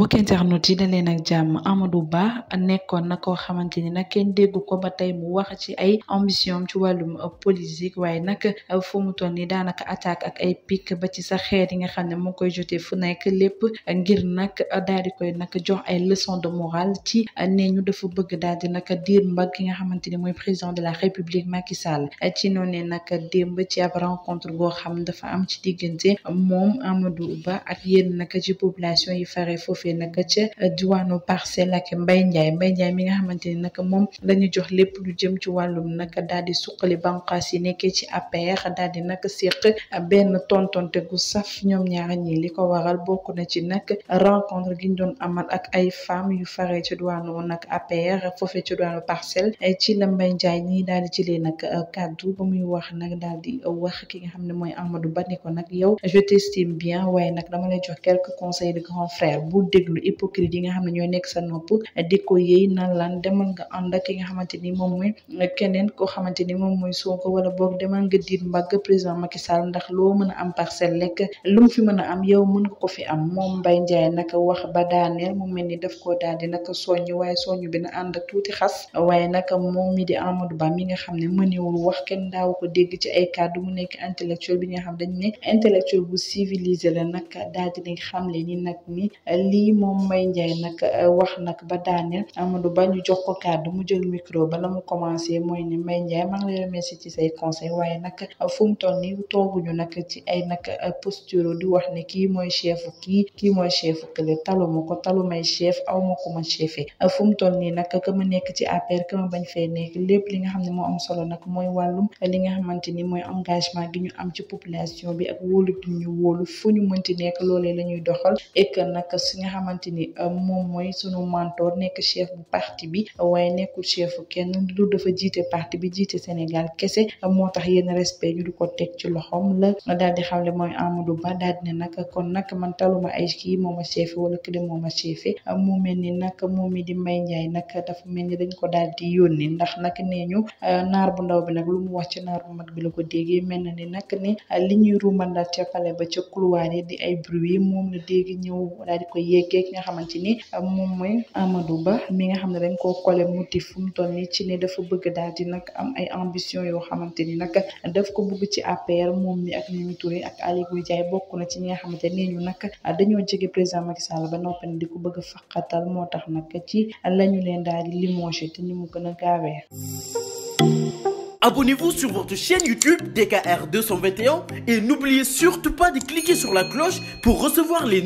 mbokk internet yi daleen ak jàmm Amadou Ba nekkoon na koo xamante ni nag kenn déggu ko ba tey mu wax ci ay ambition ci wàllum politique waaye nag fu mu toll nii daanaka attaque ay pic ba ci sa xeet yi nga xam ne moo koy jotee fu nekk lépp ngir nag daal di koy nag jox ay leçon de morale ci ne ñu dafa bëgg daal di nag diir mbag ki nga xamante ni mooy président de la république Macky Sall ci noonee nag démb ci ab rencontre goo xam dafa am ci diggante moom Amadou Ba ak yéen nag ci population yi fare foofu foofee nag ca diwaanu parcelle ak Mbaye Ndiaye Mbaye mi nga xamante ni nag moom la jox lépp lu jëm ci wàllum nag daal di suqali banqaas yi nekkee ci APR daal di nag séq benn tontonte gu saf ñoom ñaar ñi li ko waral bokk na ci nag rencontre gi ñu doon amal ak ay femmes yu faree ci diwaanu nag APR foofee ci diwaanu parcelle eh, ci la Mbaye Ndiaye ñii daal di jëlee nag eh, kàddu ba muy wax nag daal di wax ki nga xam ne mooy Amadou Ba ni ko nag yow je t'estime bien waaye nag dama lay jox quelques conseils déglu xam ne ñooy nekk sa nopp di ko yëy naan laan demal nga ànd ak ki nga xamante ni moom mooy keneen koo xamante ni moom mooy Sonko wala boog demal nga diir mbagg président Macky Sall ndax loo mën a am parcelle lekk lu mu fi mën a am yow mën nga ko fi am moom Mbaye Ndiaye naka wax ba daaneel mu mel ni daf koo daal di naka soññ waaye soññ bi na ànd ak tuuti xas waaye naka moom mi di Amadou Ba mi nga xam ne mënewul wax kenn daaw ko dégg ci ay kàddu mu nekk intellectuel bi nga xam dañ ne intellectuel bu civilisé la naka daal xam le ni nag ni lii moom Mbaye Ndiaye nag eh, wax nag ba daaneel Amadou Ba jox ko kàddu mu jël micro ba la mu commencé mooy ne Mbaye Ndiaye maa ngi ci say conseil waaye nag eh, fu mu toll tooguñu nag ci ay nag eh, posture di wax ne kii mooy chef kii kii mooy chef kële taluma ko talumay chef aw ma ko ma chefé nii nag ka nekk ci APR ka ma bañ fee nekk lépp li nga xam ne moo am solo nag mooy wàllum li nga xamante ni mooy engagement gi ñu am ci population bi ak wóolu gi ñu wóolu ñu mënti nekk loolee la ñuy doxal et que nag nga xamante ni euh, moom mooy sunu mentor nekk chef bu parti bi waaye nekku chef kenn lu dafa jiite parti bi jiite Sénégal kese moo tax yenn respect ñu di ko teg ci loxoom la daal di xamle mooy Amadou Ba daal di ne nag kon nag man taluma ay kii moom a chef wala de moom a chef mu mel ni nag moom mi di May Ndiaye nag dafa mel ni dañ ko daal di yónni ndax nag nee ñu euh, naar bu ndaw bi nag lu mu wax ci naar bu mag bi la ko déggee mel na ni nag ni li ñuy ruumandaat ca ba ca couloir di ay bruit moom la dégg ñëw daal di ko yee déggee ki nga xamante ni moom mooy Amadou Ba mi nga xam ne dañ koo collé motif fu mu toll ni ci ne dafa bëgg daal di nag am ay ambition yoo xamante ni nag daf ko bëgg ci APR moom mi ak Mimi Touré ak Aly Ngouille Ndiaye bokk na ci ñi nga xamante ne ñu nag dañoo jege président Macky Sall ba noppi di ko bëgg a faqatal moo tax nag ci lañu leen daal di limogé te ni mu gën a gaawee. Abonnez-vous sur votre chaîne YouTube DKR 221 et n'oubliez surtout pas de cliquer sur la cloche pour recevoir les